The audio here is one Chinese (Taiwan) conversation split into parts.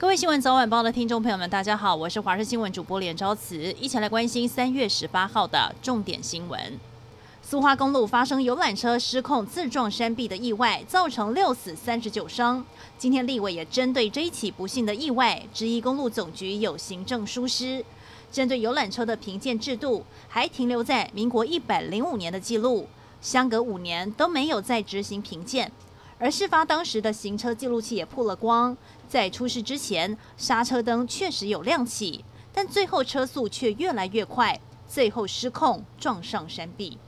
各位新聞早晚報的聽眾朋友們，大家好，我是華視新聞主播連昭慈，一起來關心三月十八號的重點新聞。蘇花公路發生遊覽車失控自撞山壁的意外，造成六死三十九傷。今天立委也針對這一起不幸的意外，質疑公路總局有行政疏失。針對遊覽車的評鑑制度，還停留在民國一百零五年的記錄，相隔五年都沒有再執行評鑑。而事发當時的行車記錄器也曝了光，在出事之前，剎車燈確實有亮起，但最後車速卻越來越快，最後失控撞上山壁。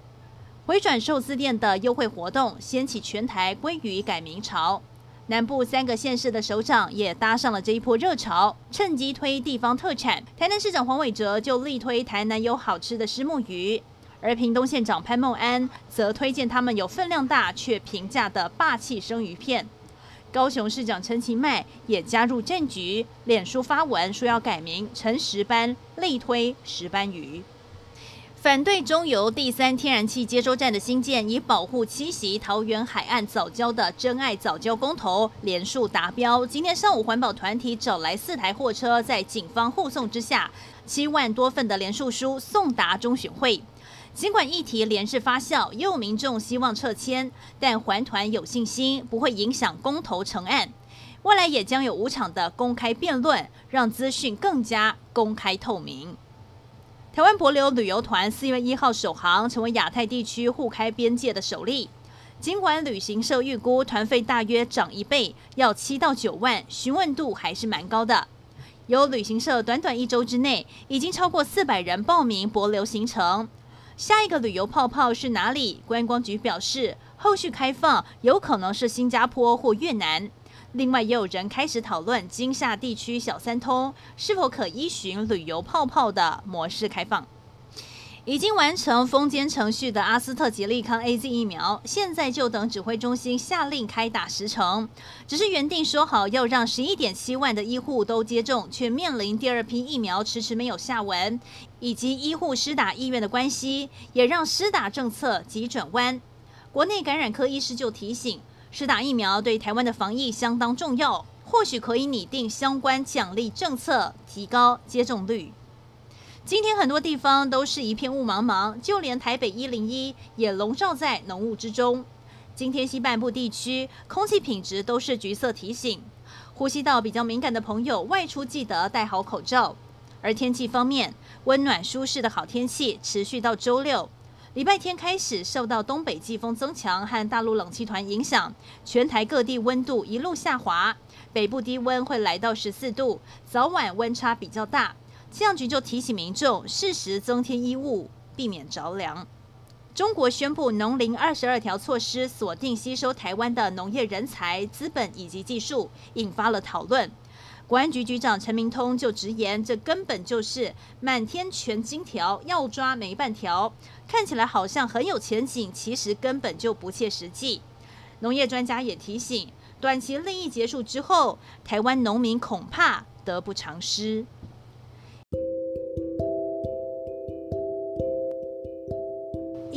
回轉壽司店的優惠活動掀起全台鮭魚改名潮，南部三個縣市的首長也搭上了這一波熱潮，趁機推地方特產。台南市長黃偉哲就力推台南有好吃的虱目魚。而屏東縣長潘孟安則推薦他們有分量大卻平價的霸氣生魚片，高雄市長陳其邁也加入戰局，臉書發文說要改名陳石斑，力推石斑魚。反對中油第三天然氣接收站的興建，以保護棲息桃園海岸藻礁的珍愛藻礁公投，連署達標。今天上午，環保團體找來四台貨車，在警方護送之下，七萬多份的連署書書送達中選會。儘管議題連日發酵，也有民眾希望撤簽，但環團有信心不會影響公投成案。未來也將有五場的公開辯論，讓資訊更加公開透明。台灣帛琉旅游團四月一號首航，成為亞太地區互開邊界的首例。儘管旅行社預估團費大約漲一倍，要七到九萬，詢問度還是蠻高的。有旅行社短短一周之內，已經超過四百人報名帛琉行程。下一個旅遊泡泡是哪裡？觀光局表示，後續開放有可能是新加坡或越南。另外，也有人開始討論金廈地區小三通是否可依循旅遊泡泡的模式開放。已經完成封緘程序的阿斯特捷利康 AZ 疫苗，現在就等指揮中心下令開打時程。只是原定說好要讓十一點七萬的醫護都接種，卻面臨第二批疫苗遲遲遲沒有下文，以及醫護施打意願的關係，也讓施打政策急轉彎。國內感染科醫師就提醒，施打疫苗對台灣的防疫相當重要，或許可以擬定相關獎勵政策，提高接種率。今天很多地方都是一片霧茫茫，就連台北101也籠罩在濃霧之中。今天西半部地區空氣品質都是橘色提醒，呼吸道比較敏感的朋友外出記得戴好口罩。而天氣方面，溫暖舒適的好天氣持續到周六，禮拜天開始受到東北季風增強和大陸冷氣團影響，全台各地溫度一路下滑，北部低溫會來到十四度，早晚溫差比較大。氣象局就提醒民眾適時增添衣物，避免着涼。中國宣布農林22條措施，鎖定吸收台灣的農業人才、資本以及技術，引發了討論。國安局局長陳明通就直言：“這根本就是滿天全金條，要抓沒半條。看起來好像很有前景，其實根本就不切實際。”農業專家也提醒，短期利益結束之後，台灣農民恐怕得不償失。